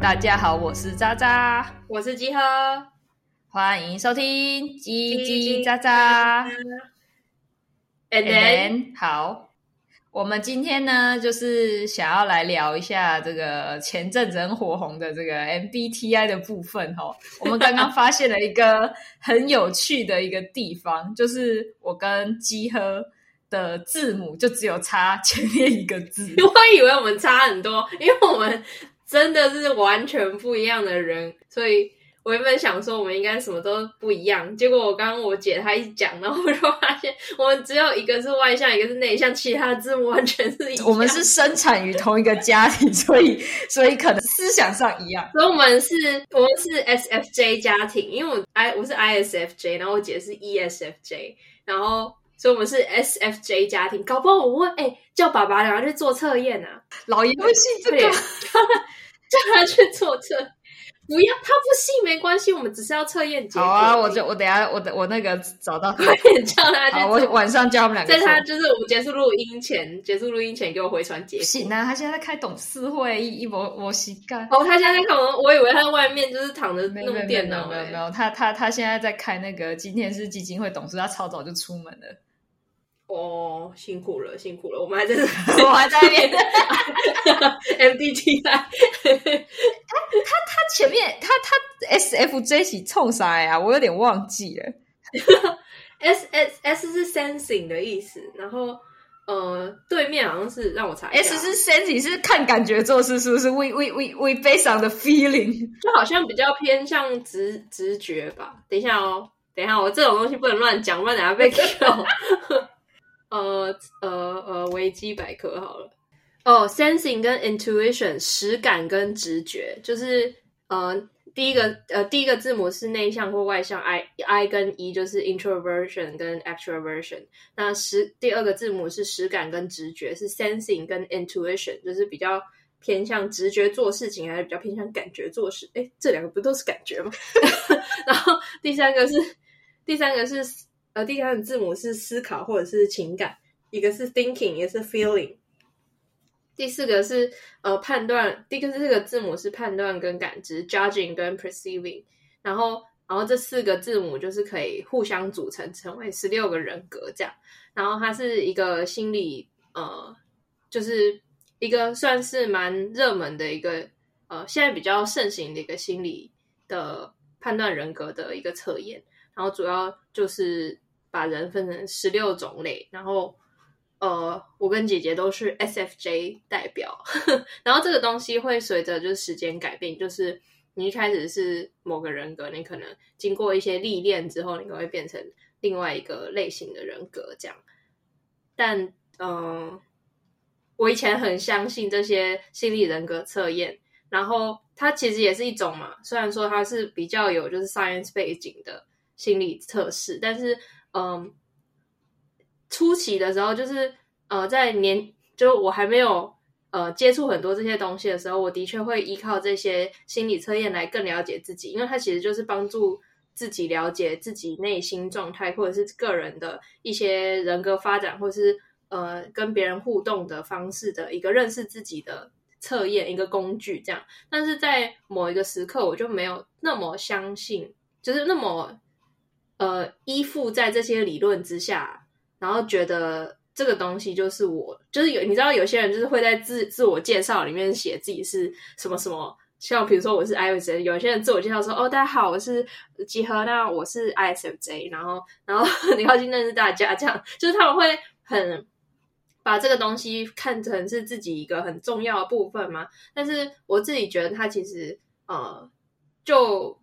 大家好，我是渣渣，我是雞呵，歡迎收聽嘰嘰喳喳。And n, n, n, n 好，我們今天呢，就是想要來聊一下這個前陣子很火紅的這個 MBTI 的部分哦。我們剛剛發現了一個很有趣的一個地方， 就是我跟雞呵的字母就只有差前面一個字。 我以為我們差很多，因為我們。真的是完全不一樣的人，所以我原本想說，我們應該什麼都不一樣，結果我剛剛我姐她一講，然後我就發現我們只有一個是外向，一個是內向，其他的字完全是一樣。我們是生產於同一個家庭， 所以所以可能思想上一樣。所以我們是我們是 S F J 家庭，因為我 I 我是 I S F J，然後我姐是 E S F J，然後所以我們是 S F J 家庭。搞不好我問哎、欸，叫爸爸然後去做測驗啊，老遊戲這個對。對 叫他去做測。不要，他不信沒關係，我們只是要測驗結果。好啊，我就我等一下我的我那個找到他， 我也叫他。好，我晚上叫他們兩個。在他就是我們結束錄音前，結束錄音前給我回傳截圖。行啊，他現在在開董事會，一摸摸膝蓋。哦，他現在在幹嘛？我以為他在外面就是躺着弄電腦，哦、電沒有沒，沒，沒，沒有，他他他現在在開那個今天是基金會董事，他超早就出門了。哦，辛苦了，辛苦了，我們還在， 我還在面，M D T 在 1、 欸，他他他前面，他他 S F J 喜沖啥呀、啊？我有點忘記了。S s, s S 是 sensing 的意思，然後呃，對面好像是讓我查一下 S,， 是 sensing 是看感覺做事，是,是不是？We we we we based on the feeling，就好像比較偏向直直覺吧。等一下哦，等一下、哦，我這種東西不能亂講，不然等下被 k 呃呃呃，維基、uh, uh, uh, 百科好了。哦、oh,，sensing 跟 intuition，實感跟直覺，就是呃，uh, 第一個呃，uh, 第一個字母是內向或外向，I I 跟 E 就是 introversion 跟 extroversion int。那實，第二個字母是實感跟直覺，是 sensing 跟 intuition，就是比較偏向直覺做事情，還是比較偏向感覺做事？誒，這兩個不都是感覺嗎？ 然後第三個是第三個是。呃，而第三個字母是思考或者是情感，一個是 thinking，也是 feeling。第四個是呃判斷，第四個字母是判斷跟感知，judging 跟 perceiving。然後，然後這四個字母就是可以互相組成，成為十六個人格這樣。然後，它是一個心理呃，就是一個算是蠻熱門的一個呃，現在比較盛行的一個心理的判斷人格的一個測驗。然後主要就是把人分成十六種類，然後呃，我跟姐姐都是 SFJ 代表呵。然後這個東西會隨着就是時間改變，就是你一開始是某個人格，你可能經過一些歷練之後，你可能會變成另外一個類型的人格這樣，但嗯、呃，我以前很相信這些心理人格測驗，然後它其實也是一種嘛，雖然說它是比較有就是 science 背景的。心理測試，但是，嗯，初期的時候，就是呃，在年就我還沒有呃接觸很多這些東西的時候，我的確會依靠這些心理測驗來更了解自己，因為它其實就是幫助自己了解自己內心狀態，或者是個人的一些人格發展，或者是呃跟別人互動的方式的一個認識自己的測驗，一個工具這樣。但是在某一個時刻，我就沒有那麼相信，就是那麼。呃，依附在這些理論之下，然後覺得這個東西就是我，就是有你知道，有些人就是會在自自我介紹裡面寫自己是什麼什麼，像比如說我是 ISFJ 有些人自我介紹說哦，大家好，我是集合那我是 ISFJ，然後然後 你要去認識大家，這樣就是他們會很把這個東西看成是自己一個很重要的部分嘛。但是我自己覺得，他其實呃，就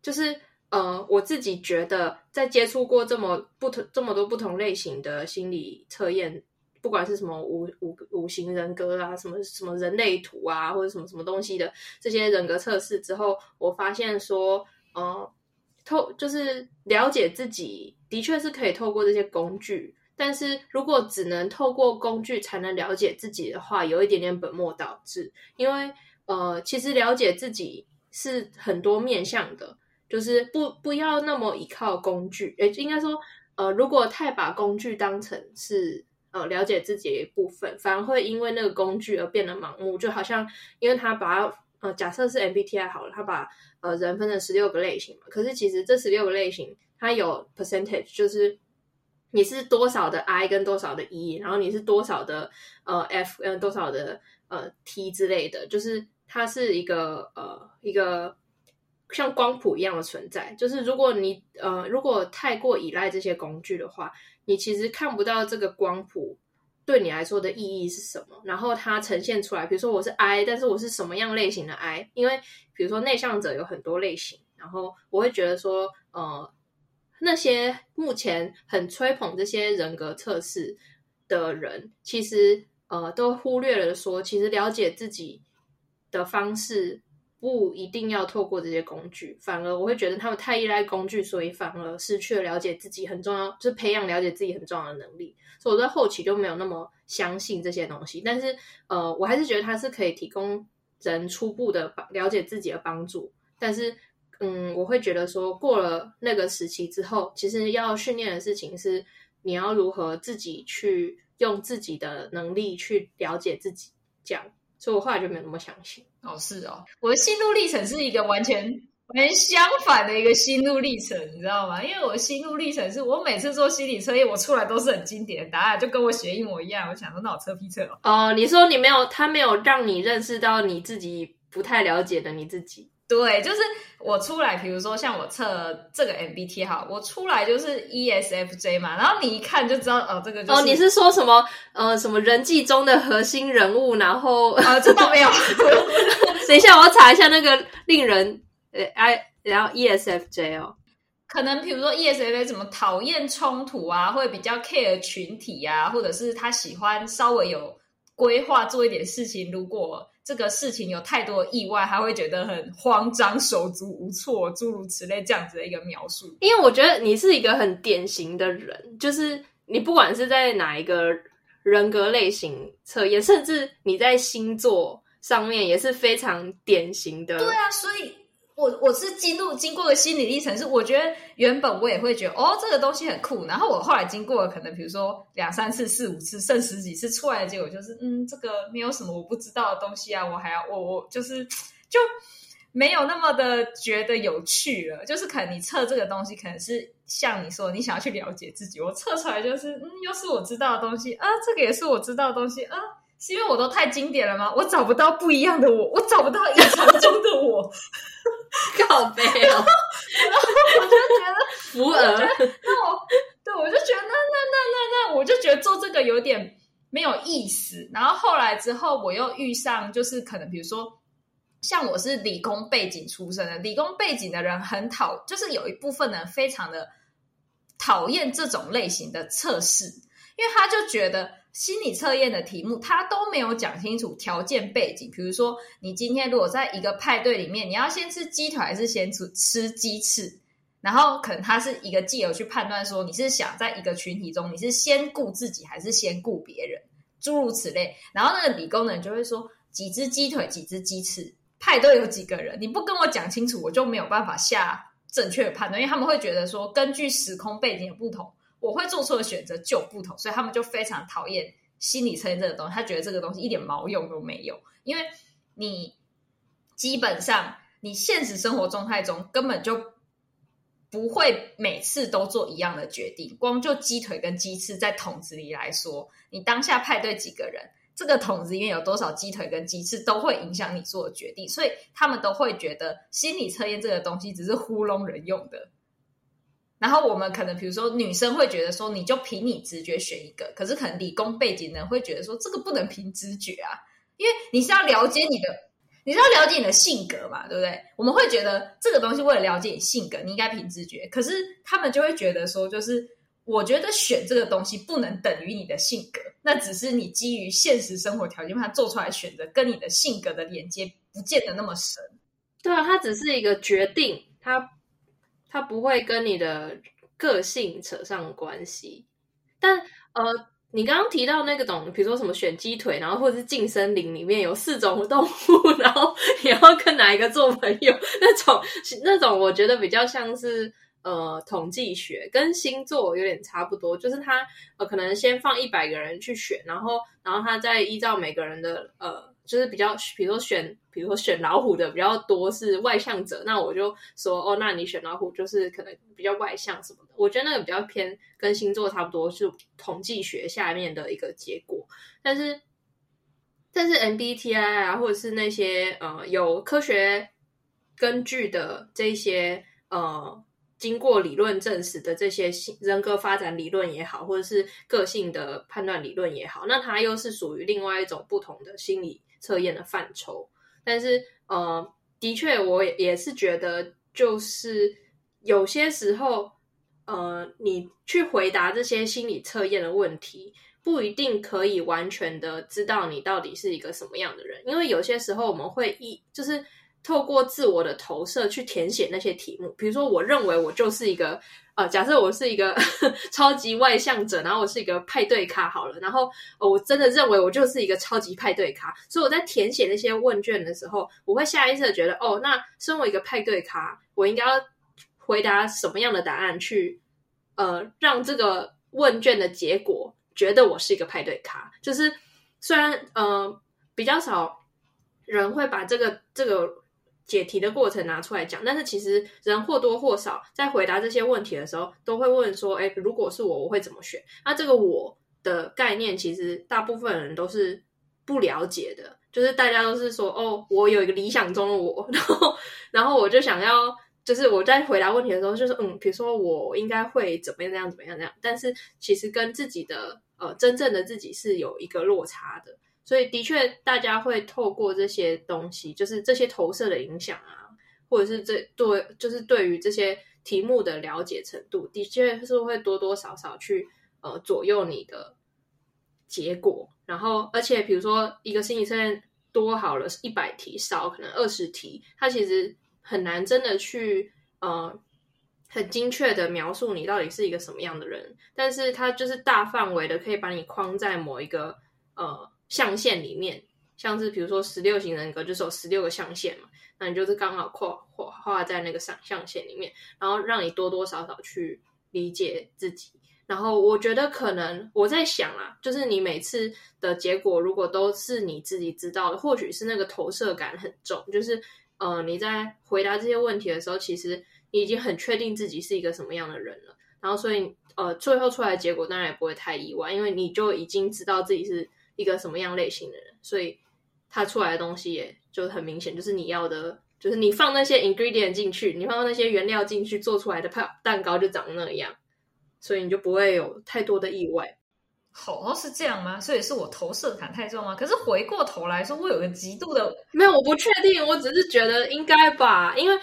就是。呃，我自己覺得，在接觸過這麼不同這麼多不同類型的心理測驗，不管是什麼五五五行人格啊，什麼什麼人類圖啊，或者什麼什麼東西的這些人格測試之後，我發現說，呃，透就是了解自己的確是可以透過這些工具，但是如果只能透過工具才能了解自己的話，有一點點本末倒置，因為呃，其實了解自己是很多面向的。就是不不要那麼依靠工具，誒、欸，應該說，呃，如果太把工具當成是呃了解自己的一部分，反而會因為那個工具而變得盲目。就好像因為他把呃假設是 MBTI 好了，他把呃人分成十六個類型嘛，可是其實這十六個類型它有 percentage，就是你是多少的 I 跟多少的 E，然後你是多少的呃 F 跟、呃、多少的呃 T 之類的，就是它是一個呃一個。像光譜一樣的存在，就是如果你呃，如果太過依賴這些工具的話，你其實看不到這個光譜對你來說的意義是什麼。然後它呈現出來，比如說我是 I，但是我是什麼樣類型的 I？因為比如說內向者有很多類型。然後我會覺得說，呃，那些目前很吹捧這些人格測試的人，其實呃，都忽略了說，其實了解自己的方式。不一定要透過這些工具，反而我會覺得他們太依賴工具，所以反而失去了了解自己很重要，就是培養了解自己很重要的能力。所以我在後期就沒有那麼相信這些東西，但是呃，我還是覺得它是可以提供人初步的幫，了解自己的幫助。但是嗯，我會覺得說，過了那個時期之後，其實要訓練的事情是你要如何自己去用自己的能力去了解自己，這樣。所以我後來就沒有那麼相信。哦，是哦，我的心路歷程是一個完全完全相反的一個心路歷程，你知道嗎？因為我心路歷程是我每次做心理測驗，我出來都是很經典的答案，就跟我寫一模一樣。我想說，那我測屁測哦。哦、呃，你說你沒有，他沒有讓你認識到你自己不太了解的你自己。對，就是我出來，比如說像我測這個 MBTI，我出來就是 ESFJ 嘛，然後你一看就知道，哦，這個、就是、哦，你是說什麼呃，什麼人際中的核心人物，然後啊、哦，這倒沒有， 等一下我要查一下那個令人呃 I，然後 ESFJ 哦，可能比如說 ESFJ 什麼討厭衝突啊，會比較 care 群體啊，或者是他喜歡稍微有規劃做一點事情如，如果。這個事情有太多的意外，他會覺得很慌張、手足無措，諸如此類這樣子的一個描述。因為我覺得你是一個很典型的人，就是你不管是在哪一個人格類型測驗，也甚至你在星座上面也是非常典型的。對啊，所以。我我是進入經過的心理歷程是，我覺得原本我也會覺得哦，這個東西很酷。然後我後來經過了，可能比如說兩三次、四五次、甚十幾次出來的結果就是，嗯，這個沒有什麼我不知道的東西啊。我還要我我就是就沒有那麼的覺得有趣了。就是可能你測這個東西，可能是像你說你想要去了解自己，我測出來就是嗯，又是我知道的東西啊，這個也是我知道的東西啊，是因為我都太經典了嗎？我找不到不一樣的我，我找不到隱藏中的我。 靠北啊，然後我就覺得，服了。那我，我，對我就覺得，那那那那那，我就覺得做這個有點沒有意思。然後後來之後，我又遇上，就是可能比如說，像我是理工背景出身的，理工背景的人很討，就是有一部分人非常的討厭這種類型的測試，因為他就覺得。心理測驗的題目，他都沒有講清楚條件背景。比如說，你今天如果在一個派對裡面，你要先吃雞腿還是先吃吃雞翅？然後可能他是一個藉由去判斷說，你是想在一個群體中，你是先顧自己還是先顧別人，諸如此類。然後那個理工人就會說，幾隻雞腿，幾隻雞翅，派對有幾個人？你不跟我講清楚，我就沒有辦法下正確的判斷，因為他們會覺得說，根據時空背景的不同，我會做錯的選擇就不同，所以他們就非常討厭心理測驗這個東西。他覺得這個東西一點毛用都沒有，因為你基本上你現實生活狀態中根本就不會每次都做一樣的決定。光就雞腿跟雞翅在桶子裡來說，你當下派對幾個人，這個桶子裡面有多少雞腿跟雞翅都會影響你做的決定，所以他們都會覺得心理測驗這個東西只是糊弄人用的。然後我們可能，比如說女生會覺得說，你就憑你直覺選一個。可是可能理工背景的人會覺得說，這個不能憑直覺啊，因為你是要了解你的，你是要了解你的性格嘛，對不對？我們會覺得這個東西為了了解你性格，你應該憑直覺。可是他們就會覺得說，就是我覺得選這個東西不能等於你的性格，那只是你基於現實生活條件，把它做出來選擇，跟你的性格的連接不見得那麼深。對啊，它只是一個決定，它。它不會跟你的個性扯上關係，但呃，你剛剛提到那個種，比如說什麼選雞腿，然後或者是進森林裡面有四種動物，然後你要跟哪一個做朋友？那種那種我覺得比較像是呃，統計學跟星座有點差不多，就是他呃，可能先放一百個人去選，然後然後他再依照每個人的呃。就是比較，比如說選，比如說選老虎的比較多是外向者，那我就說哦，那你選老虎就是可能比較外向什麼的。我覺得那個比較偏跟星座差不多，是統計學下面的一個結果。但是，但是 MBTI 啊，或者是那些呃有科學根據的這些呃經過理論證實的這些人格發展理論也好，或者是個性的判斷理論也好，那它又是屬於另外一種不同的心理測驗的範疇，但是呃，的確，我也是覺得，就是有些時候，呃，你去回答這些心理測驗的問題，不一定可以完全的知道你到底是一個什麼樣的人，因為有些時候我們會一就是。透過自我的投射去填寫那些題目，比如說，我認為我就是一個呃，假設我是一個超級外向者，然後我是一個派對咖，好了，然後，哦，我真的認為我就是一個超級派對咖，所以我在填寫那些問卷的時候，我會下意識的覺得，哦，那身為一個派對咖，我應該要回答什麼樣的答案去呃，讓這個問卷的結果覺得我是一個派對咖，就是雖然呃，比較少人會把這個這個。解題的過程拿出來講，但是其實人或多或少在回答這些問題的時候，都會問說：“哎，如果是我，我會怎麼選？”那這個“我”的概念，其實大部分人都是不了解的。就是大家都是說：“哦，我有一個理想中的我。”然後，然後我就想要，就是我在回答問題的時候，就是嗯，比如說我應該會怎麼樣，怎麼樣，怎麼樣。但是其實跟自己的呃真正的自己是有一個落差的。所以，的確，大家會透過這些東西，就是這些投射的影響啊，或者是這對，就是對於這些題目的了解程度，的確是會多多少少去呃左右你的結果。然後，而且比如說，一個心理測驗多好了，一百題，少可能二十題，它其實很難真的去呃很精確的描述你到底是一個什麼樣的人，但是它就是大範圍的可以把你框在某一個呃。象限裡面，像是比如說十六型人格，就是有十六個象限嘛。那你就是剛好跨畫在那個上象限裡面，然後讓你多多少少去理解自己。然後我覺得可能我在想啊，就是你每次的結果如果都是你自己知道的，或許是那個投射感很重，就是呃你在回答這些問題的時候，其實你已經很確定自己是一個什麼樣的人了。然後所以呃最後出來的結果當然也不會太意外，因為你就已經知道自己是。一個什麼樣類型的人，所以他出來的東西也就很明顯，就是你要的，就是你放那些 ingredient 進去，你放那些原料進去做出來的泡蛋糕就長那樣，所以你就不會有太多的意外。好，是這樣嗎？所以是我投射感太重嗎？可是回過頭來說，我有個極度的，沒有，我不確定，我只是覺得應該吧，因為。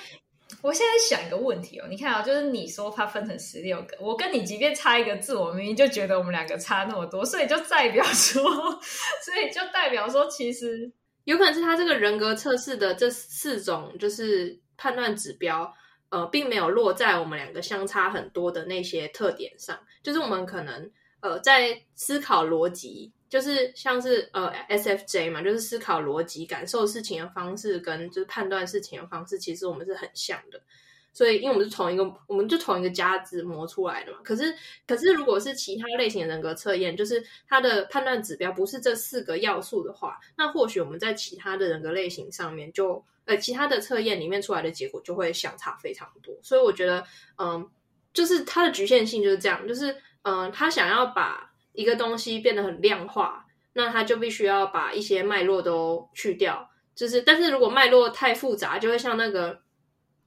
我現在想一個問題哦，你看啊、哦，就是你說它分成十六個，我跟你即便差一個字，我明明就覺得我們兩個差那麼多，所以就代表說，所以就代表說，其實有可能是他這個人格測試的這四種就是判斷指標，呃，並沒有落在我們兩個相差很多的那些特點上，就是我們可能呃在思考邏輯。就是像是呃，SFJ 嘛，就是思考邏輯、感受事情的方式跟就是判斷事情的方式，其實我們是很像的。所以，因為我們是同一個，嗯、我們就同一個家子磨出來的嘛。可是，可是如果是其他類型的人格測驗，就是它的判斷指標不是這四個要素的話，那或許我們在其他的人格類型上面就，就呃其他的測驗裡面出來的結果就會相差非常多。所以，我覺得，嗯、呃，就是它的局限性就是這樣，就是嗯，他、呃、想要把。一個東西變得很量化，那它就必須要把一些脈絡都去掉。就是，但是如果脈絡太複雜，就會像那個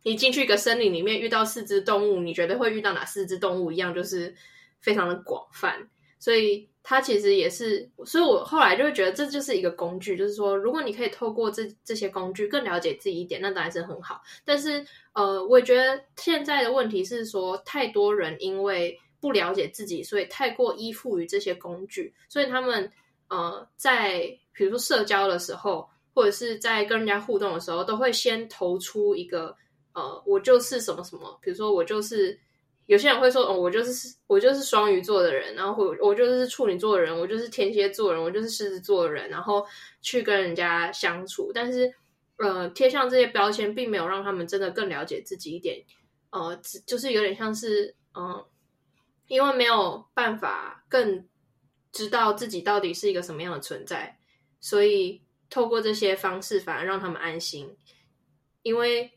你進去一個森林裡面遇到四隻動物，你覺得會遇到哪四隻動物一樣，就是非常的廣泛。所以它其實也是，所以我後來就會覺得這就是一個工具，就是說，如果你可以透過這這些工具更了解自己一點，那當然是很好。但是，呃，我覺得現在的問題是說，太多人因為。不了解自己，所以太過依附於這些工具，所以他們呃，在比如說社交的時候，或者是在跟人家互動的時候，都會先投出一個呃，我就是什麼什麼，比如說我就是有些人會說哦、嗯，我就是我就是雙魚座的人，然後我我就是處女座的人，我就是天蠍座的人，我就是獅子座的人，然後去跟人家相處，但是呃貼上這些標籤，並沒有讓他們真的更了解自己一點，呃，就是有點像是嗯。呃因為沒有辦法更知道自己到底是一個什麼樣的存在，所以透過這些方式反而讓他們安心。因為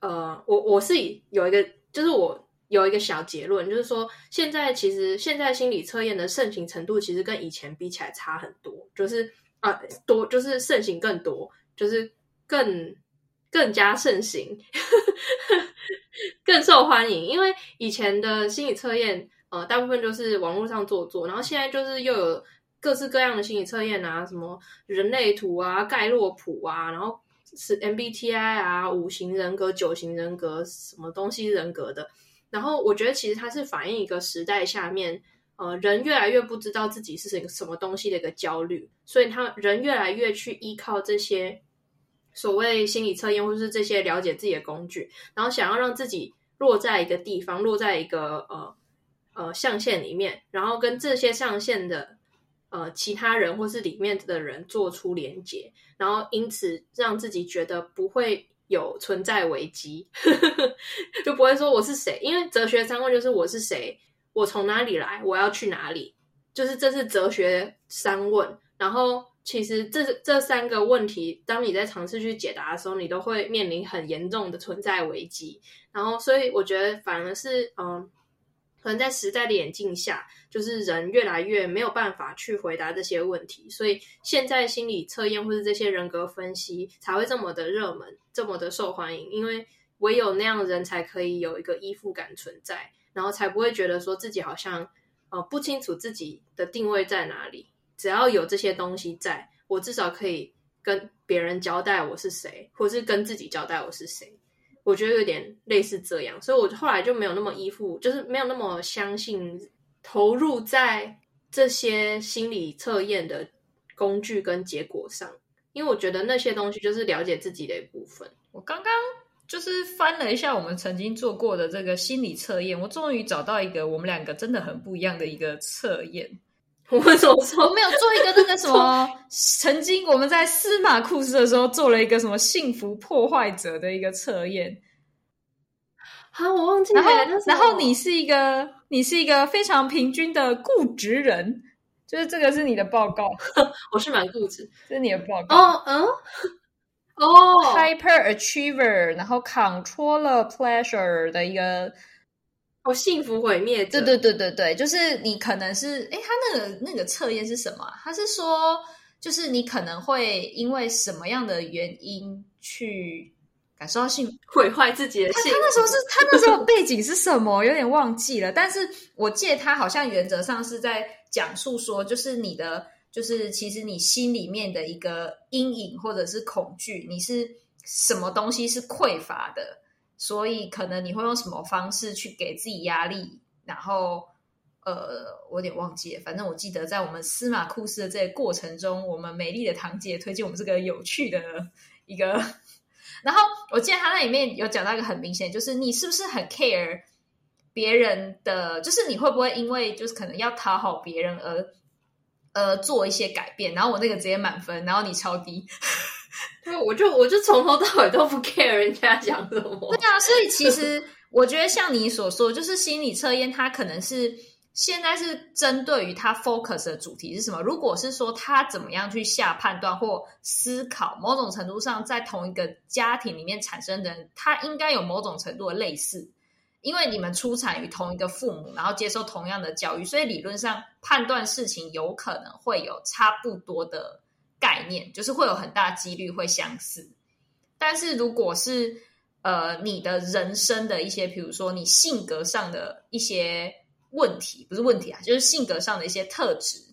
呃，我我是有一個，就是我有一個小結論，就是說現在其實現在心理測驗的盛行程度其實跟以前比起來差很多，就是啊、呃、多就是盛行更多，就是更更加盛行呵呵，更受歡迎。因為以前的心理測驗。呃，大部分就是網絡上做做，然後現在就是又有各式各樣的心理測驗啊，什麼人類圖啊、蓋洛普啊，然後是 MBTI 啊、五型人格、九型人格、什麼東西人格的。然後我覺得其實它是反映一個時代下面，呃，人越來越不知道自己是什什麼東西的一個焦慮，所以他人越來越去依靠這些所謂心理測驗或是這些了解自己的工具，然後想要讓自己落在一個地方，落在一個呃。呃，象限裡面，然後跟這些象限的呃，其他人或是裡面的人做出連接，然後因此讓自己覺得不會有存在危機呵呵，就不會說我是誰，因為哲學三問就是我是誰，我從哪裡來，我要去哪裡，就是這是哲學三問。然後其實這這三個問題，當你在嘗試去解答的時候，你都會面臨很嚴重的存在危機。然後所以我覺得反而是嗯。可能在時代的眼鏡下，就是人越來越沒有辦法去回答這些問題，所以現在心理測驗或是這些人格分析才會這麼的熱門，這麼的受歡迎。因為唯有那樣的人才可以有一個依附感存在，然後才不會覺得說自己好像，呃，不清楚自己的定位在哪裡。只要有這些東西在，我至少可以跟別人交代我是誰，或是跟自己交代我是誰。我覺得有點類似這樣，所以我後來就沒有那麼依附，就是沒有那麼相信投入在這些心理測驗的工具跟結果上，因為我覺得那些東西就是了解自己的一部分。我剛剛就是翻了一下我們曾經做過的這個心理測驗，我終於找到一個我們兩個真的很不一樣的一個測驗。我們怎麼做， 我沒有做一個那個什麼，曾經我們在司馬庫斯的時候做了一個什麼幸福破壞者的一個測驗。好，我忘記你，然後然後，你是一個你是一個非常平均的固執人，就是這個是你的報告。 我是蠻固執，這是你的報告。嗯哦、oh, uh? oh.，Hyper Achiever，然後 Controller Pleasure 的一個。哦，幸福毀滅，對對對對對，就是你可能是，誒，他那個那個測驗是什麼？他是說，就是你可能會因為什麼樣的原因去感受到幸福毀壞自己的？他他那時候是，他那時候背景是什麼？ 有點忘記了，但是我記得他好像原則上是在講述說，就是你的，就是其實你心裡面的一個陰影或者是恐懼，你是什麼東西是匱乏的。所以可能你會用什麼方式去給自己壓力？然後，呃，我有點忘記了。反正我記得在我們司馬庫斯的這個過程中，我們美麗的堂姐推薦我們這個有趣的一個。然後我記得他那裡面有講到一個很明顯，就是你是不是很 care 別人的？就是你會不會因為就是可能要討好別人而呃做一些改變？然後我那個直接滿分，然後你超低。對，我就我就從頭到尾都不 care 人家講什麼。 對啊，所以其實我覺得像你所說，就是心理測驗，它可能是現在是針對於它 focus 的主題是什麼。如果是說他怎麼樣去下判斷或思考，某種程度上在同一個家庭裡面產生的人，他應該有某種程度的類似，因為你們出產於同一個父母，然後接受同樣的教育，所以理論上判斷事情有可能會有差不多的。概念就是會有很大幾率會相似，但是如果是呃你的人生的一些，比如說你性格上的一些問題，不是問題啊，就是性格上的一些特質。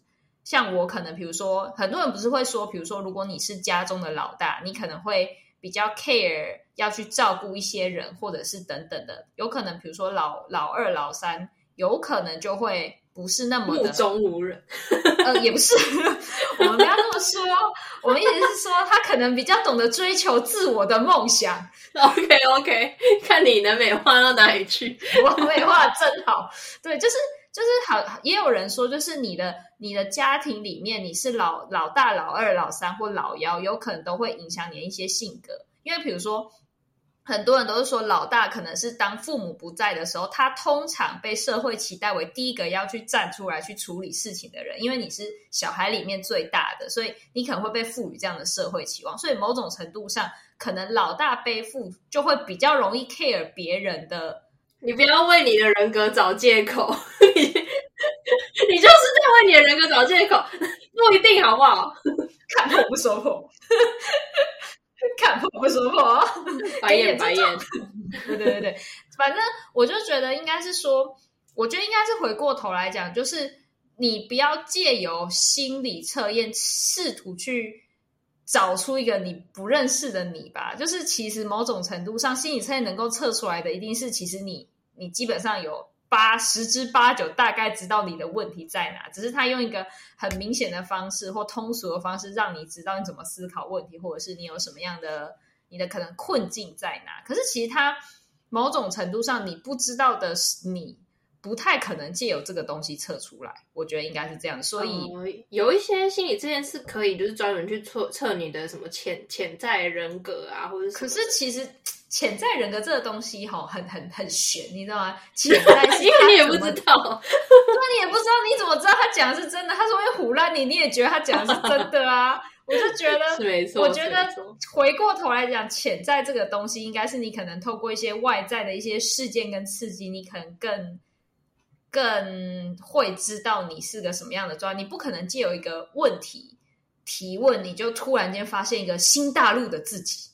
像我可能，比如說很多人不是會說，比如說如果你是家中的老大，你可能會比較 care 要去照顧一些人，或者是等等的，有可能比如說老老二、老三。有可能就會不是那麼的目中無人， 呃，也不是，我們不要那麼說。 我們意思是說，他可能比較懂得追求自我的夢想。OK OK，看你能美化到哪裡去，我 美化真好。對，就是就是好。也有人說，就是你的你的家庭裡面，你是老老大、老二、老三或老幺，有可能都會影響你的一些性格。因為比如說。很多人都是說，老大可能是當父母不在的時候，他通常被社會期待為第一個要去站出來去處理事情的人，因為你是小孩裡面最大的，所以你可能會被賦予這樣的社會期望。所以某種程度上，可能老大背負就會比較容易 care 別人的。你不要為你的人格找借口，你就是在為你的人格找借口，不一定好不好？看破不說破。 看破不說破，白眼白眼。對對對對，反正我就覺得應該是說，我覺得應該是回過頭來講，就是你不要借由心理測驗試圖去找出一個你不認識的你吧。就是其實某種程度上，心理測驗能夠測出來的，一定是其實你你基本上有。八十之八九，大概知道你的問題在哪，只是他用一個很明顯的方式或通俗的方式，讓你知道你怎麼思考問題，或者是你有什麼樣的你的可能困境在哪。可是其實他某種程度上，你不知道的是，你不太可能借由這個東西測出來。我覺得應該是這樣，所以、嗯、有一些心理這件事可以就是專門去測測你的什麼潛潛在人格啊，或者可是其實。潛在人格這個東西哈，很很很玄，你知道嗎？潛在， 因為你也不知道，那 你也不知道，你怎麼知道他講的是真的？他說會唬爛你，你也覺得他講的是真的啊？我就覺得， 是沒錯，我覺得回過頭來講，潛在這個東西，應該是你可能透過一些外在的一些事件跟刺激，你可能更更會知道你是個什麼樣的狀態。你不可能借由一個問題提問，你就突然間發現一個新大陸的自己。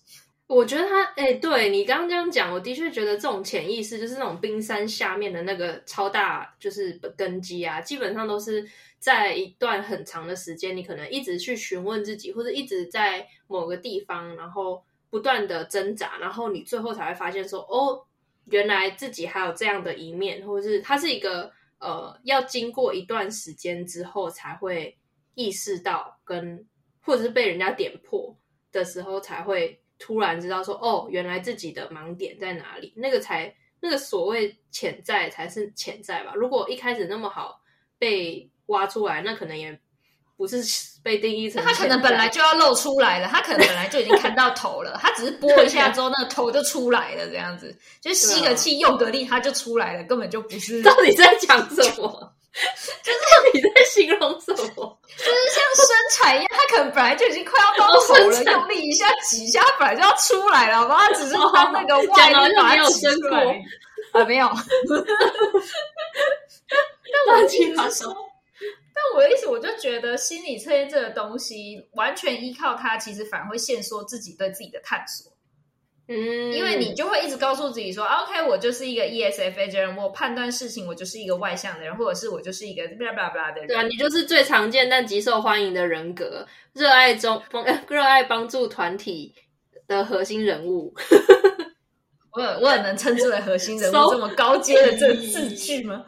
我覺得他哎、欸，對，你剛剛這樣講，我的確覺得這種潛意識就是那種冰山下面的那個超大，就是根基啊，基本上都是在一段很長的時間，你可能一直去詢問自己，或者一直在某個地方，然後不斷的掙扎，然後你最後才會發現說，哦，原來自己還有這樣的一面，或者是他是一個呃，要經過一段時間之後才會意識到跟，跟或者是被人家點破的時候才會。突然知道說，哦，原來自己的盲點在哪裡？那個才，那個所謂潛在才是潛在吧。如果一開始那麼好被挖出來，那可能也不是被定義成。他可能本來就要露出來了，他可能本來就已經看到頭了， 他只是撥一下之後， 那個頭就出來了，這樣子。就吸個氣用個力，他就出來了，根本就不是。到底在講什麼？ 就是你在形容什麼？就是像生產一樣，他可能本來就已經快要到頭了，哦、用力一下擠一下，本來就要出來了，他只是當那個外力、哦、把它擠出來啊，沒有。但我說， 但我的意思、就是， 我就覺得心理測驗這個東西，完全依靠他，其實反而會限縮自己對自己的探索。嗯，因為你就會一直告訴自己說、嗯、，OK，我就是一個 ESFJ 的人，我判斷事情我就是一個外向的人，或者是我就是一個巴拉巴拉的人。對啊，你就是最常見但極受歡迎的人格，熱愛中風，熱愛幫助團體的核心人物。 我很我很能稱之為核心人物，我這麼高階的這個字句嗎？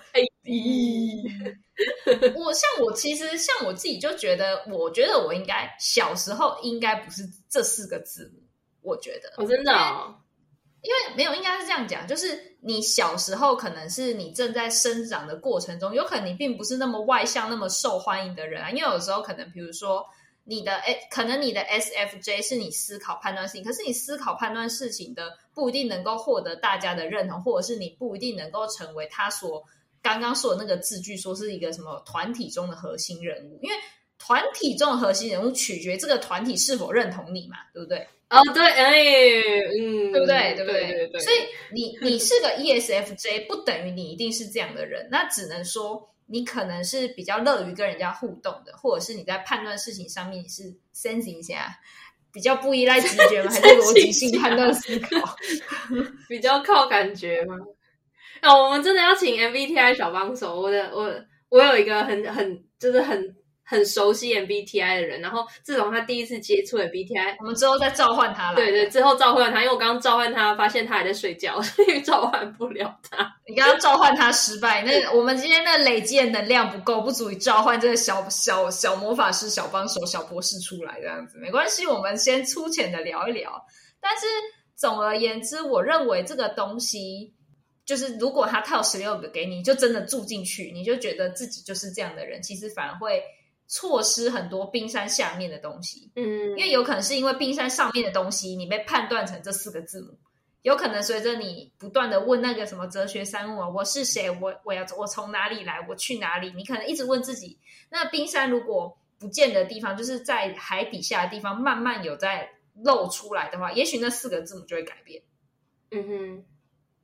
我像我其實像我自己就覺得，我覺得我應該小時候應該不是這四個字。我覺得我、oh, 真的、哦因，因為沒有應該是這樣講，就是你小時候可能是你正在生長的過程中，有可能你並不是那麼外向、那麼受歡迎的人啊。因為有時候可能，比如說你的誒，可能你的 S F J 是你思考判斷事情，可是你思考判斷事情的不一定能夠獲得大家的認同，或者是你不一定能夠成為他所剛剛說的那個字句說是一個什麼團體中的核心人物，因為。團體中的核心人物，取決於這個團體是否認同你嘛，對不對？哦，對，哎，嗯，對不對？對不對？對，對，所以你你是個 ESFJ， 不等於你一定是這樣的人，那只能說你可能是比較樂於跟人家互動的，或者是你在判斷事情上面你是 sensing 型，比較不依賴直覺嗎？還是邏輯性判斷思考？比較靠感覺嗎？那、 哦、我們真的要請 MBTI 小幫手，我的我我有一個很很就是很。很熟悉 MBTI 的人，然後自從他第一次接觸了 MBTI。我們之後再召喚他來了。對，對對，之後召喚他，因為我剛剛召喚他，發現他還在睡覺，所 以召喚不了他。你剛剛召喚他失敗，那 我們今天的累積的能量不夠，不足以召喚這個小小小魔法師、小幫手、小博士出來這樣子。沒關係，我們先粗淺的聊一聊。但是總而言之，我認為這個東西就是，如果他套十六個給你，就真的住進去，你就覺得自己就是這樣的人，其實反而會。錯失很多冰山下面的東西，嗯，因為有可能是因為冰山上面的東西，你被判斷成這四個字母，有可能隨着你不斷地問那個什麼哲學三問啊，我是誰，我我要我從哪裡來，我去哪裡？你可能一直問自己。那冰山如果不見的地方，就是在海底下的地方，慢慢有在露出來的話，也許那四個字母就會改變。嗯哼，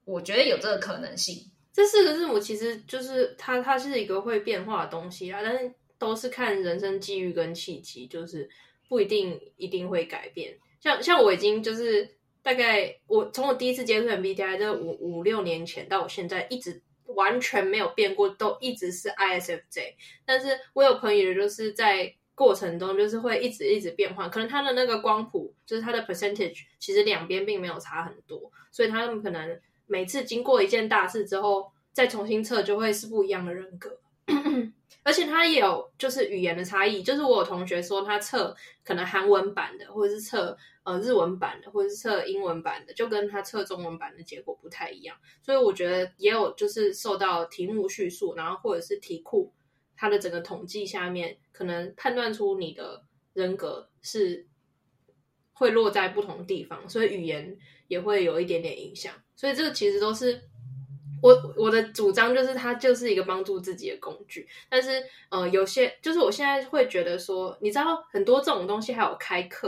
我覺得有這個可能性。這四個字母其實就是它，它是一個會變化的東西啊，但是。都是看人生際遇跟契機，就是不一定一定會改變。像像我已經就是大概我從我第一次接觸 MBTI 就五五六年前到我現在，一直完全沒有變過，都一直是 ISFJ。但是我有朋友就是在過程中就是會一直一直變換，可能他的那個光譜就是他的 percentage 其實兩邊並沒有差很多，所以他們可能每次經過一件大事之後再重新測就會是不一樣的人格。 而且它也有就是語言的差異，就是我有同學說他測可能韓文版的，或者是測呃日文版的，或者是測英文版的，就跟他測中文版的結果不太一樣。所以我覺得也有就是受到題目敘述，然後或者是題庫，它的整個統計下面，可能判斷出你的人格是會落在不同地方，所以語言也會有一點點影響。所以這個其實都是。我我的主張就是，它就是一個幫助自己的工具，但是呃，有些就是我現在會覺得說，你知道很多這種東西還有開課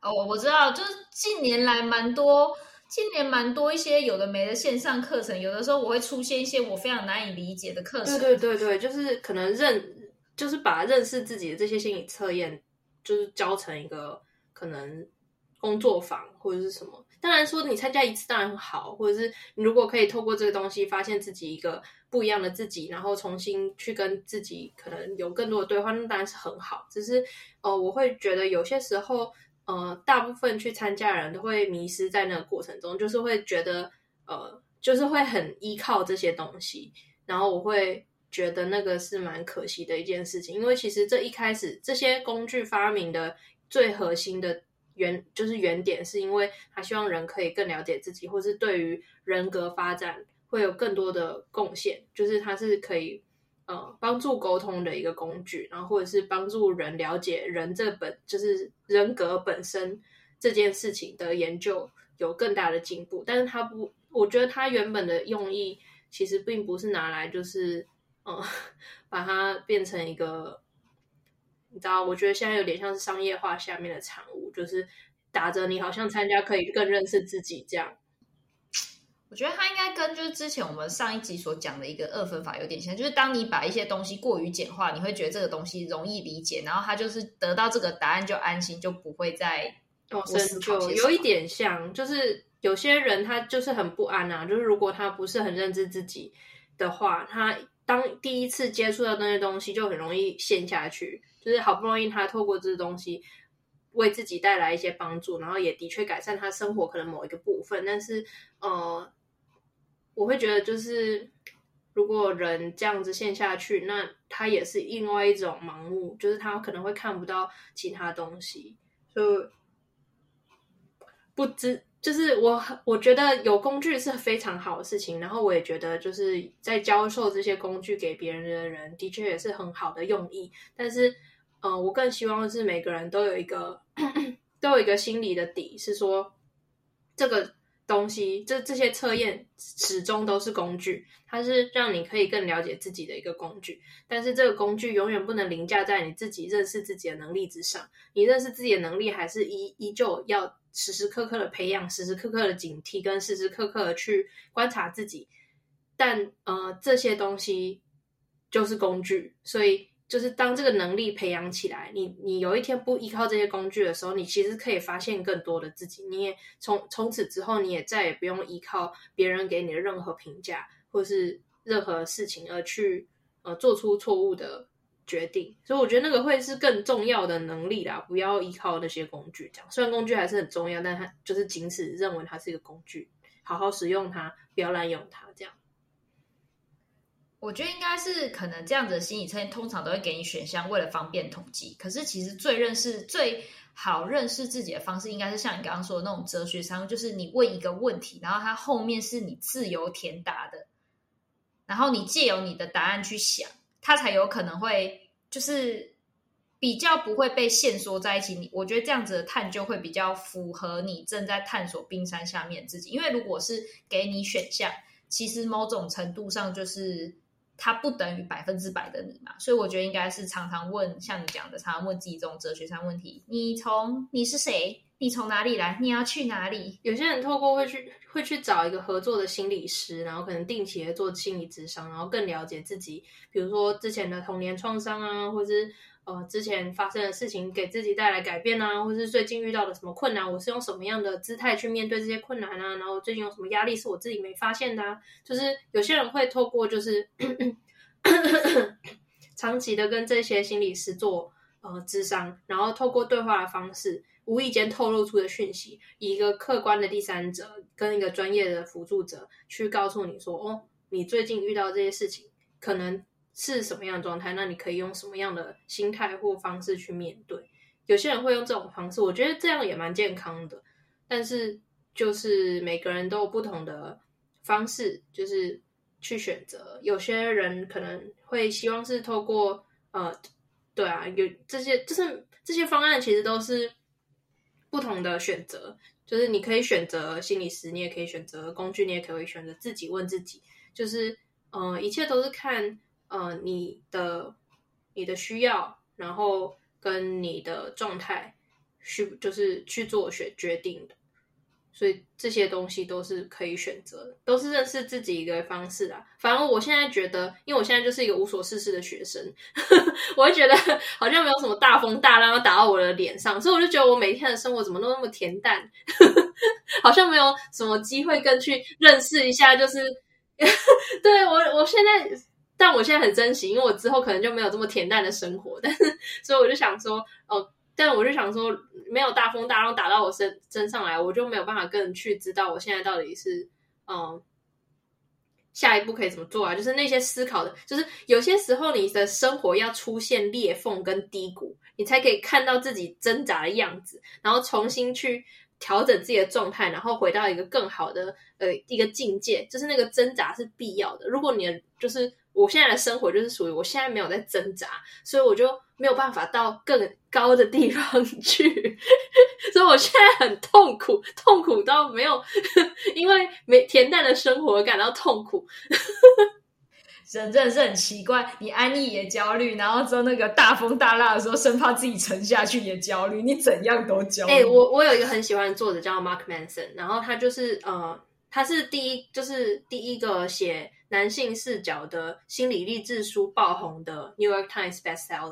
哦，我知道，就是近年來蠻多，近年蠻多一些有的沒的線上課程，有的時候我會出現一些我非常難以理解的課程，對對對對，就是可能認就是把認識自己的這些心理測驗，就是教成一個可能。工作坊或者是什麼？當然說你參加一次當然很好，或者是你如果可以透過這個東西發現自己一個不一樣的自己，然後重新去跟自己可能有更多的對話，那當然是很好。只是呃，我會覺得有些時候，呃，大部分去參加的人都會迷失在那個過程中，就是會覺得呃，就是會很依靠這些東西，然後我會覺得那個是蠻可惜的一件事情，因為其實這一開始這些工具發明的最核心的。原就是原點，是因為他希望人可以更了解自己，或者是對於人格發展會有更多的貢獻，就是它是可以呃幫助溝通的一個工具，然後或者是幫助人了解人，這本就是人格本身這件事情的研究有更大的進步。但是他不，我覺得他原本的用意其實並不是拿來就是嗯、呃，把它變成一個。你知道，我覺得現在有點像是商業化下面的產物，就是打着你好像參加可以更認識自己這樣。我覺得他應該跟就是之前我們上一集所講的一個二分法有點像，就是當你把一些東西過於簡化，你會覺得這個東西容易理解，然後他就是得到這個答案就安心，就不會再深究，就有一點像，就是有些人他就是很不安啊，就是如果他不是很認知自己的話，他當第一次接觸到那些東西就很容易陷下去。就是好不容易他透過這些東西為自己帶來一些幫助，然後也的確改善他生活可能某一個部分。但是，呃，我會覺得就是如果人這樣子陷下去，那他也是另外一種盲目，就是他可能會看不到其他東西，就不知。就是我我覺得有工具是非常好的事情，然後我也覺得就是在教授這些工具給別人的人，的確也是很好的用意，但是。嗯、呃，我更希望的是每個人都有一個都有一個心理的底，是說這個東西，這這些測驗始終都是工具，它是讓你可以更了解自己的一個工具。但是這個工具永遠不能凌駕在你自己認識自己的能力之上。你認識自己的能力還是依依舊要時時刻刻的培養，時時刻刻的警惕，跟時時刻刻的去觀察自己。但呃，這些東西就是工具，所以。就是當這個能力培養起來，你你有一天不依靠這些工具的時候，你其實可以發現更多的自己。你也從從此之後，你也再也不用依靠別人給你的任何評價或是任何事情而去呃做出錯誤的決定。所以我覺得那個會是更重要的能力啦，不要依靠那些工具這樣。雖然工具還是很重要，但它就是僅此認為它是一個工具，好好使用它，不要濫用它這樣。我覺得應該是可能這樣子的心理測驗，通常都會給你選項，為了方便統計。可是其實最認識、最好認識自己的方式，應該是像你剛剛說的那種哲學上，常常就是你問一個問題，然後它後面是你自由填答的，然後你借由你的答案去想，它才有可能會就是比較不會被限縮在一起。你我覺得這樣子的探究會比較符合你正在探索冰山下面自己，因為如果是給你選項，其實某種程度上就是。它不等於百分之百的你嘛，所以我覺得應該是常常問，像你講的，常常問自己這種哲學上問題：你從，你是誰？你從哪裡來？你要去哪裡？有些人透過會去，會去找一個合作的心理師，然後可能定期做心理諮商，然後更了解自己，比如說之前的童年創傷啊，或是。呃，之前發生的事情給自己帶來改變啊，或是最近遇到了什麼困難，我是用什麼樣的姿態去面對這些困難啊，然後最近有什麼壓力是我自己沒發現的啊。就是有些人會透過就是咳咳咳咳咳咳長期的跟這些心理師做呃諮商，然後透過對話的方式，無意間透露出的訊息，以一個客觀的第三者跟一個專業的輔助者去告訴你說，哦，你最近遇到這些事情可能。是什麼樣的狀態？那你可以用什麼樣的心態或方式去面對？有些人會用這種方式，我覺得這樣也蠻健康的。但是，就是每個人都有不同的方式，就是去選擇。有些人可能會希望是透過呃，對啊，有這些，就是這些方案其實都是不同的選擇。就是你可以選擇心理師，你也可以選擇工具，你也可以選擇自己問自己。就是，嗯，呃，一切都是看。呃，你的你的需要，然後跟你的狀態需就是去做選決，決定的，所以這些東西都是可以選擇的，都是認識自己一個方式啦，啊。反正我現在覺得，因為我現在就是一個無所事事的學生，呵呵，我會覺得好像沒有什麼大風大浪要打到我的臉上，所以我就覺得我每天的生活怎麼都那麼恬淡呵呵，好像沒有什麼機會跟去認識一下，就是，對，我我現在。但我現在很珍惜，因為我之後可能就沒有這麼恬淡的生活。但是，所以我就想說，哦，但我就想說，沒有大風大浪打到我身身上來，我就沒有辦法更去知道我現在到底是嗯下一步可以怎麼做啊？就是那些思考的，就是有些時候你的生活要出現裂縫跟低谷，你才可以看到自己掙扎的樣子，然後重新去調整自己的狀態，然後回到一個更好的呃一個境界。就是那個掙扎是必要的。如果你的就是。我現在的生活就是屬於我現在沒有在掙扎，所以我就沒有辦法到更高的地方去， 所以我現在很痛苦，痛苦到沒有 因為沒恬淡的生活感到痛苦。 人真的是很奇怪，你安逸也焦慮，然後之後那個大風大浪的時候，生怕自己沉下去也焦慮，你怎樣都焦慮。哎、欸，我我有一個很喜歡的作者叫 Mark Manson，然後他就是呃，他是第一，就是第一個寫。男性視角的心理勵志書爆紅的《New York Times Bestseller》，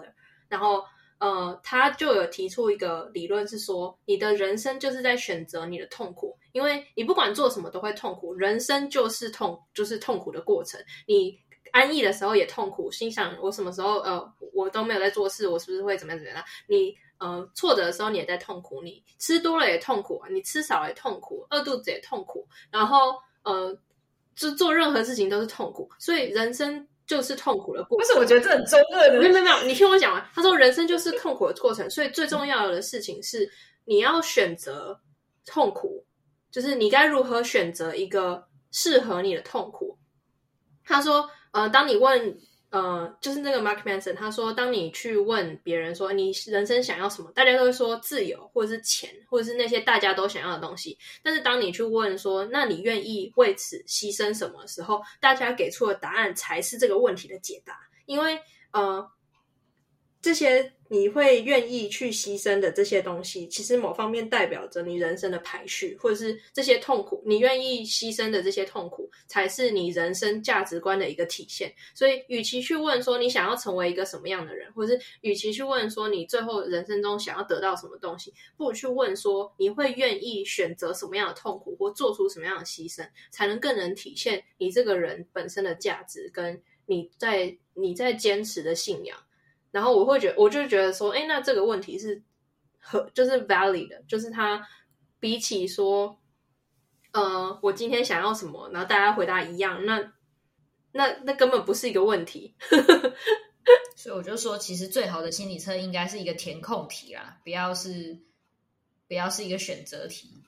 然後呃，他就有提出一個理論，是說你的人生就是在選擇你的痛苦，因為你不管做什麼都會痛苦，人生就是痛，就是痛苦的過程。你安逸的時候也痛苦，心想我什麼時候呃我都沒有在做事，我是不是會怎麼樣怎麼樣？你呃挫折的時候你也在痛苦，你吃多了也痛苦，你吃少了也痛苦，餓肚子也痛苦。然後呃。就做任何事情都是痛苦，所以人生就是痛苦的過程。不是，我覺得這很中二的。沒有沒有沒有，你聽我講完。他說人生就是痛苦的過程，所以最重要的事情是你要選擇痛苦，就是你該如何選擇一個適合你的痛苦。他說，呃，當你問。呃，就是那個 Mark Manson，他說，當你去問別人說，你人生想要什麼？大家都會說自由，或者是錢，或者是那些大家都想要的東西。但是當你去問說，那你願意為此犧牲什麼時候，大家給出的答案才是這個問題的解答。因為，呃，這些。你會願意去犧牲的這些東西，其實某方面代表着你人生的排序，或者是這些痛苦，你願意犧牲的這些痛苦，才是你人生價值觀的一個體現。所以，與其去問說你想要成為一個什麼樣的人，或者是與其去問說你最後人生中想要得到什麼東西，不如去問說你會願意選擇什麼樣的痛苦，或做出什麼樣的犧牲，才能更能體現你這個人本身的價值，跟你在，你在堅持的信仰。然後我會覺我就覺得說，哎，那這個問題是就是 valid 的，就是它比起說，呃，我今天想要什麼，然後大家回答一樣，那那那根本不是一個問題。 所以我就說，其實最好的心理測驗應該是一個填空題啦，不要是不要是一個選擇題，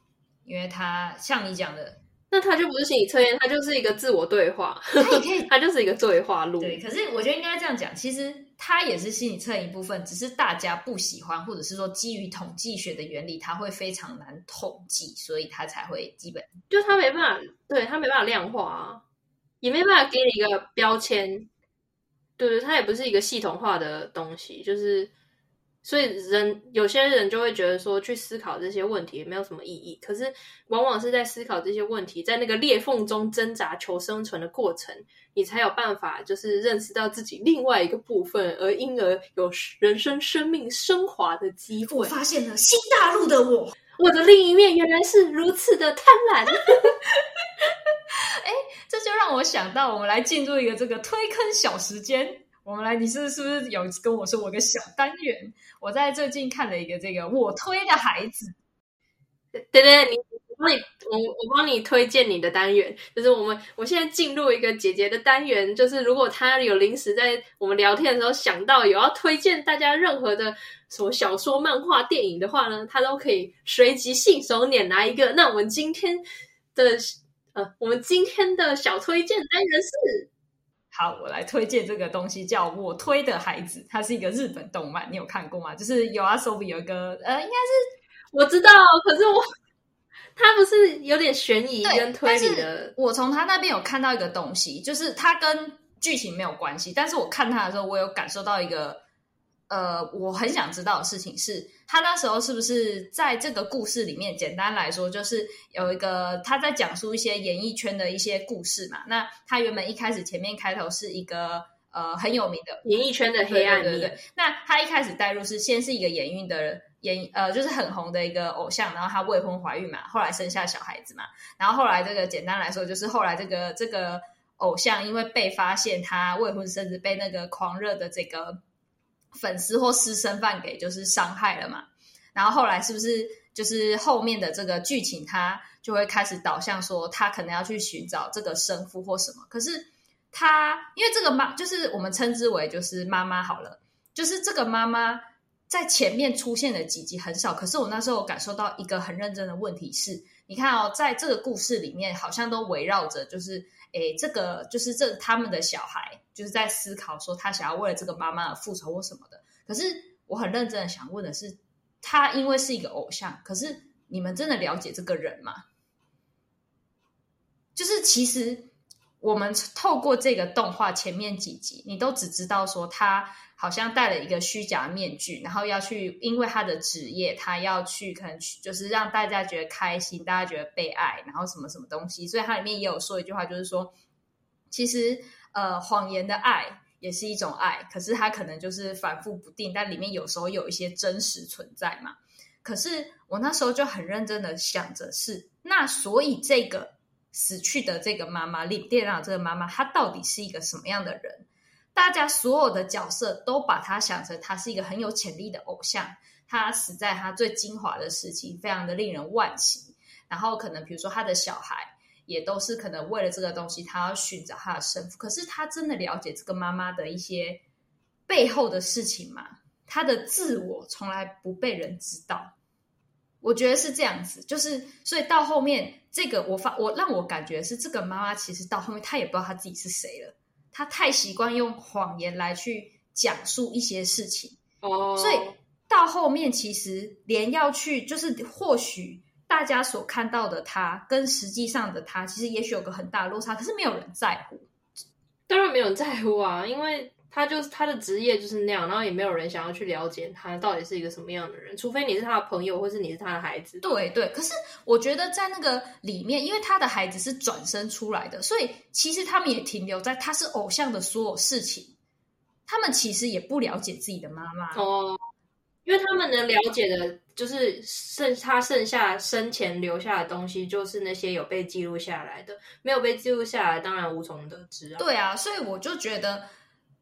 因為它像你講的，那它就不是心理測驗，它就是一個自我對話，它也可以呵呵，它就是一個對話錄。對，可是我覺得應該這樣講，其實。它也是心理測驗一部分，只是大家不喜歡，或者是說基於統計學的原理，它會非常難統計，所以它才會基本就它沒辦法，對，它沒辦法量化，啊，也沒辦法給你一個標籤，對不對？它也不是一個系統化的東西，就是。所以人，人有些人就會覺得說，去思考這些問題也沒有什麼意義。可是，往往是在思考這些問題，在那個裂縫中掙扎求生存的過程，你才有辦法，就是認識到自己另外一個部分，而因而有人生生命升華的機會。發現了新大陸的我，我的另一面原來是如此的貪婪。哎、 欸，這就讓我想到，我們來進入一個這個推坑小時間。我們來，你是是不是有跟我說我個小單元？我在最近看了一個這個我推的孩子，對，對對，你我幫你我我幫你推薦你的單元，就是我們我現在進入一個姐姐的單元，就是如果她有臨時在我們聊天的時候想到有要推薦大家任何的什麼小說、漫畫、電影的話呢，她都可以隨機信手拈來一個。那我們今天的呃，我們今天的小推薦單元是。好，我來推薦這個東西，叫我推的孩子，它是一個日本動漫，你有看過嗎？就是 YOASOBI 有一個，呃，應該是我知道，可是我，它不是有點懸疑跟推理的。我從他那邊有看到一個東西，就是它跟劇情沒有關係，但是我看他的時候，我有感受到一個。呃，我很想知道的事情是他那時候是不是在這個故事裡面？簡單來說，就是有一個他在講述一些演藝圈的一些故事嘛。那他原本一開始前面開頭是一個呃，很有名的演藝圈的黑暗，對對、對對。那他一開始帶入是先是一個演藝的人演呃，就是很紅的一個偶像，然後他未婚懷孕嘛，後來生下小孩子嘛，然後後來這個簡單來說，就是後來這個這個偶像因為被發現他未婚，甚至被那個狂熱的這個。粉絲或私生飯給就是傷害了嘛，然後後來是不是就是後面的這個劇情，他就會開始導向說他可能要去尋找這個生父或什麼？可是他因為這個媽，就是我們稱之為就是媽媽好了，就是這個媽媽在前面出現的幾集很少，可是我那時候感受到一個很認真的問題是你看哦，在這個故事裡面好像都圍繞着就是。哎、欸，這個就是這他們的小孩，就是在思考說他想要為了這個媽媽而復仇或什麼的。可是我很認真的想問的是，他因為是一個偶像，可是你們真的了解這個人嗎？就是其實我們透過這個動畫前面幾集，你都只知道說他。好像戴了一個虛假面具，然後要去，因為他的職業，他要去，可能就是讓大家覺得開心，大家覺得被愛，然後什麼什麼東西。所以他裡面也有說一句話，就是說，其實，呃，謊言的愛也是一種愛，可是他可能就是反覆不定，但裡面有時候有一些真實存在嘛。可是我那時候就很認真的想着是，那所以這個死去的這個媽媽，李電腦這個媽媽，她到底是一個什麼樣的人？大家所有的角色都把他想成他是一個很有潛力的偶像，他死在他最精華的時期，非常的令人惋惜。然後可能比如說他的小孩也都是可能為了這個東西，他要尋找他的生父。可是他真的了解這個媽媽的一些背後的事情嗎？他的自我從來不被人知道。我覺得是這樣子，就是所以到後面這個我發我讓我感覺是這個媽媽其實到後面她也不知道她自己是誰了。他太習慣用謊言來去講述一些事情，oh. 所以到後面其實連要去，就是或許大家所看到的他跟實際上的他，其實也許有個很大的落差，可是沒有人在乎。當然沒有人在乎啊，因為。他就是他的職業就是那樣，然後也沒有人想要去了解他到底是一個什麼樣的人，除非你是他的朋友或是你是他的孩子。對對，可是我覺得在那個裡面，因為他的孩子是轉身出來的，所以其實他們也停留在他是偶像的所有事情，他們其實也不了解自己的媽媽哦，因為他們能了解的，就是剩他剩下生前留下的東西，就是那些有被記錄下來的，沒有被記錄下來，當然無從得知啊。對啊，所以我就覺得。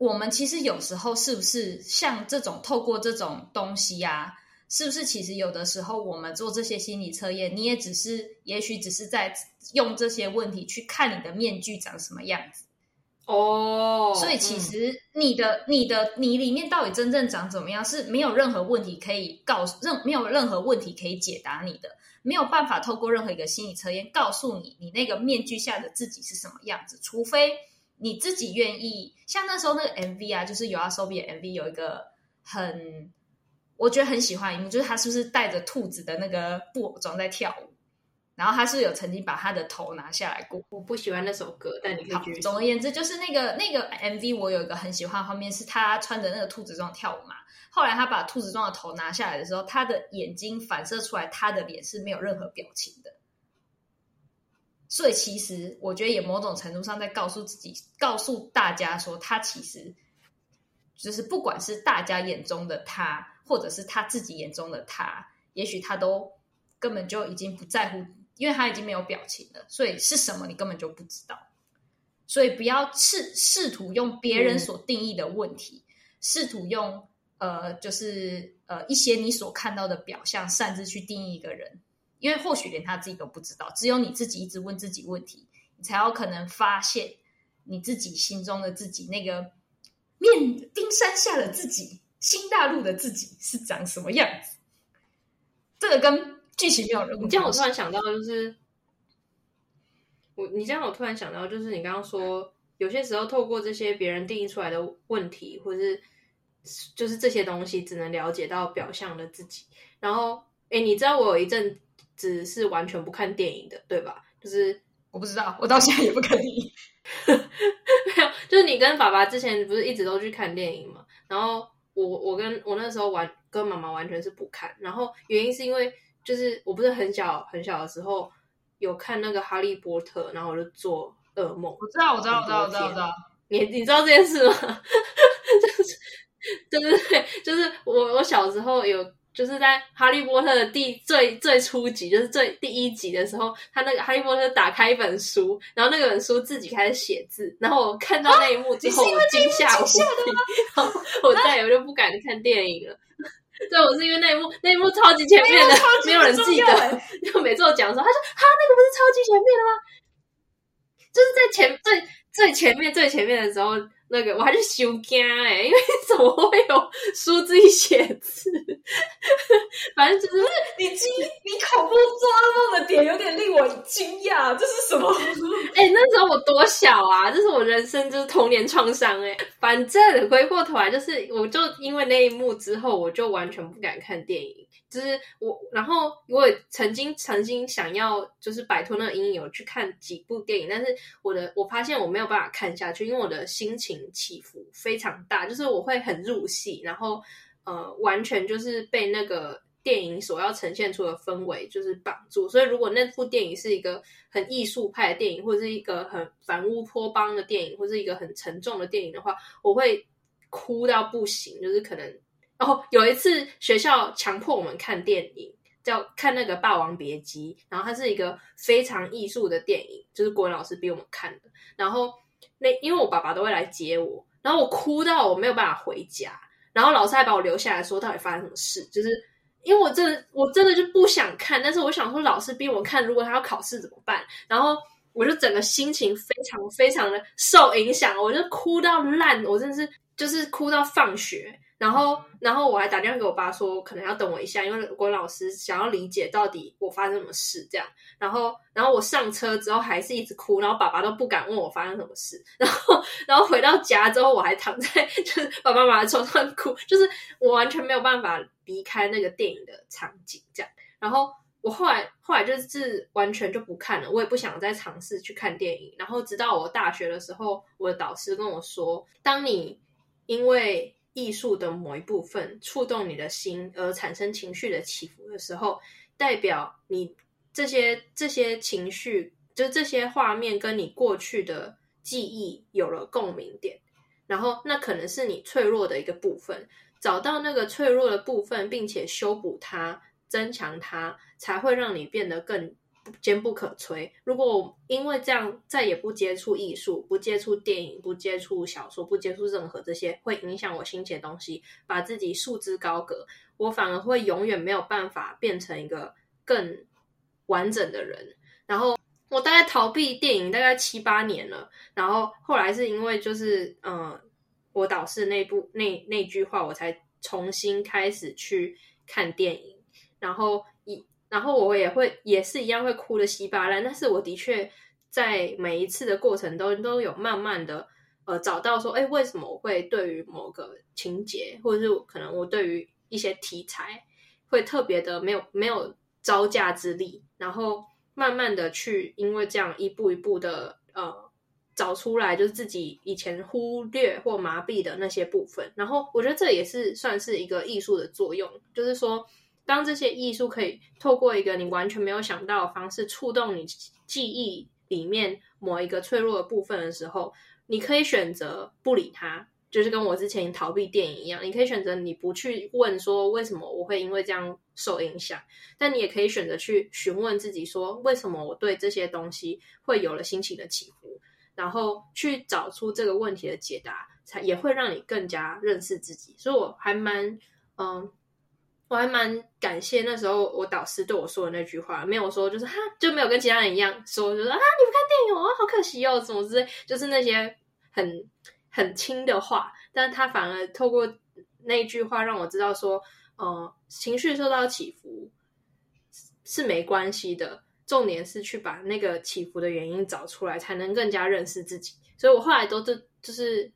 我們其實有時候是不是像這種透過這種東西呀、啊？是不是其實有的時候我們做這些心理測驗，你也只是也許只是在用這些問題去看你的面具長什麼樣子？哦，oh, um. 所以其實你的、你的、你裡面到底真正長怎麼樣，是沒有任何問題可以告訴任，沒有任何問題可以解答你的，沒有辦法透過任何一個心理測驗告訴你你那個面具下的自己是什麼樣子，除非。你自己願意，像那時候那個 MV 啊，就是 YOASOBI 的 MV，有一個很我覺得很喜歡一幕，就是他是不是戴着兔子的那個布偶裝在跳舞？然後他是有曾經把他的頭拿下來過。我不喜歡那首歌，但你可以覺得。總而言之，就是那個那個 MV，我有一個很喜歡畫面，是他穿着那個兔子裝跳舞嘛。後來他把兔子裝的頭拿下來的時候，他的眼睛反射出來，他的臉是沒有任何表情的。所以，其實我覺得也某種程度上在告訴自己、告訴大家說，他其實就是不管是大家眼中的他，或者是他自己眼中的他，也許他都根本就已經不在乎，因為他已經沒有表情了，所以是什麼你根本就不知道。所以，不要試試圖用別人所定義的問題，嗯、試圖用呃，就是呃一些你所看到的表象，擅自去定義一個人。因為或許連他自己都不知道，只有你自己一直問自己問題，你才有可能發現你自己心中的自己那個面、冰山下的自己、新大陸的自己是長什麼樣子。這個跟劇情有關係。你讓我突然想到，就是我，你讓我突然想到，就是你剛剛說，有些時候透過這些別人定義出來的問題，或者是就是這些東西，只能了解到表象的自己。然後，哎，你知道我有一陣。只是完全不看電影的對吧？就是我不知道，我到現在也不看電影。 沒有，就是你跟爸爸之前不是一直都去看電影嗎？然後我我跟我那時候完跟媽媽完全是不看，然後原因是因為就是我不是很小很小的時候有看那個哈利波特，然後我就做噩夢。我知道，我知道，我知道，我知道，你你知道這件事嗎？ 就是對對對，就是我我小時候有。就是在《哈利波特》的第最最初集，就是最第一集的時候，他那個《哈利波特》打開一本書，然後那本書自己開始寫字，然後我看到那一幕之後哈我驚嚇，我驚嚇無比，然後我再也就不敢看電影了。對、啊，所以我是因為那一幕，那一幕超級前面的，沒有，欸、沒有人記得。就每次我講的時候，他說：“哈，那個不是超級前面的嗎？”就是在前最最前面最前面的時候。那個我還是修家欸，因為怎麼會有書自己寫字？反正就是你驚，你恐怖做噩夢的點有點令我驚訝，這是什麼？哎、欸，那時候我多小啊，這是我人生就是童年創傷欸。反正回過頭來，就是我就因為那一幕之後，我就完全不敢看電影。就是我，然後我也曾經曾經想要就是擺脫那個陰影，有去看幾部電影，但是我的我發現我沒有辦法看下去，因為我的心情起伏非常大，就是我會很入戲，然後呃完全就是被那個電影所要呈現出的氛圍就是綁住，所以如果那部電影是一個很藝術派的電影，或者是一個很反烏托邦的電影，或是一個很沉重的電影的話，我會哭到不行，就是可能。然後有一次學校強迫我們看電影，叫看那個《霸王別姬》，然後它是一個非常藝術的電影，就是國文老師逼我們看的。然後那因為我爸爸都會來接我，然後我哭到我沒有辦法回家。然後老師還把我留下來說，到底發生什麼事？就是因為我真的我真的就不想看，但是我想說老師逼我看，如果他要考試怎麼辦？然後我就整個心情非常非常的受影響，我就哭到爛，我真的是就是哭到放學。然後，然後我還打電話給我爸說，可能要等我一下，因為我老師想要理解到底我發生什麼事這樣。然後，然後我上車之後還是一直哭，然後爸爸都不敢問我發生什麼事。然後，然後回到家之後，我還躺在就是爸爸媽媽的床上哭，就是我完全沒有辦法離開那個電影的場景這樣。然後我後來後來就是完全就不看了，我也不想再嘗試去看電影。然後直到我大學的時候，我的導師跟我說，當你因為。藝術的某一部分觸動你的心，而產生情緒的起伏的時候，代表你這些這些情緒，就這些畫面跟你過去的記憶有了共鳴點。然後，那可能是你脆弱的一個部分，找到那個脆弱的部分，並且修補它、增強它，才會讓你變得更。堅不可摧。如果我因為這樣再也不接觸藝術、不接觸電影、不接觸小說、不接觸任何這些會影響我心情的東西，把自己束之高閣，我反而會永遠沒有辦法變成一個更完整的人。然後我大概逃避電影大概七八年了，然後後來是因為就是嗯，我導師那部那那句話，我才重新開始去看電影，然後。然後我也會，也是一樣會哭得稀巴爛。但是我的確在每一次的過程都都有慢慢的呃找到說，哎、欸，為什麼我會對於某個情節，或者是可能我對於一些題材會特別的沒有沒有招架之力，然後慢慢的去因為這樣一步一步的呃找出來，就是自己以前忽略或麻痹的那些部分。然後我覺得這也是算是一個藝術的作用，就是說。當這些藝術可以透過一個你完全沒有想到的方式，觸動你記憶裡面某一個脆弱的部分的時候，你可以選擇不理它，就是跟我之前逃避電影一樣。你可以選擇你不去問說為什麼我會因為這樣受影響，但你也可以選擇去詢問自己說為什麼我對這些東西會有了心情的起伏，然後去找出這個問題的解答，才也會讓你更加認識自己。所以，我還蠻嗯。我還蠻感謝那時候我導師對我說的那句話，沒有說就是哈，就沒有跟其他人一樣說，就說啊你不看電影哦，好可惜哦，怎麼之類，就是那些很很輕的話。但他反而透過那句話讓我知道說，嗯、呃，情緒受到起伏是，是沒關係的，重點是去把那個起伏的原因找出來，才能更加認識自己。所以我後來都就就是。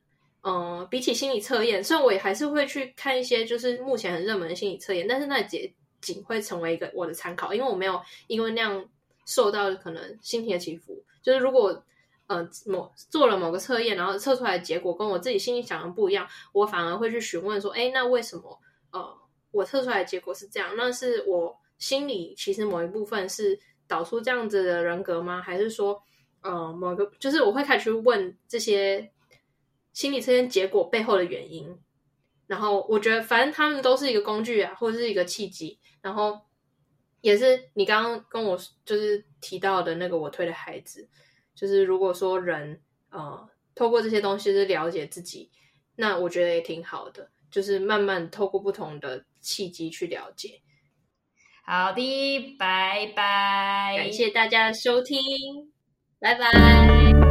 嗯、呃，比起心理測驗，雖然我也還是會去看一些，就是目前很熱門的心理測驗，但是那也僅會成為一個我的參考，因為我沒有因為那樣受到可能心情的起伏。就是如果呃某做了某個測驗，然後測出來的結果跟我自己心裡想的不一樣，我反而會去詢問說，哎，那為什麼呃我測出來的結果是這樣？那是我心裡其實某一部分是導出這樣子的人格嗎？還是說呃某個就是我會開始去問這些。心理測驗結果背後的原因，然後我覺得反正他們都是一個工具啊，或者是一個契機。然後也是你剛剛跟我就是提到的那個我推的孩子，就是如果說人呃透過這些東西是了解自己，那我覺得也挺好的，就是慢慢透過不同的契機去了解。好的，拜拜，感謝大家的收聽，拜拜。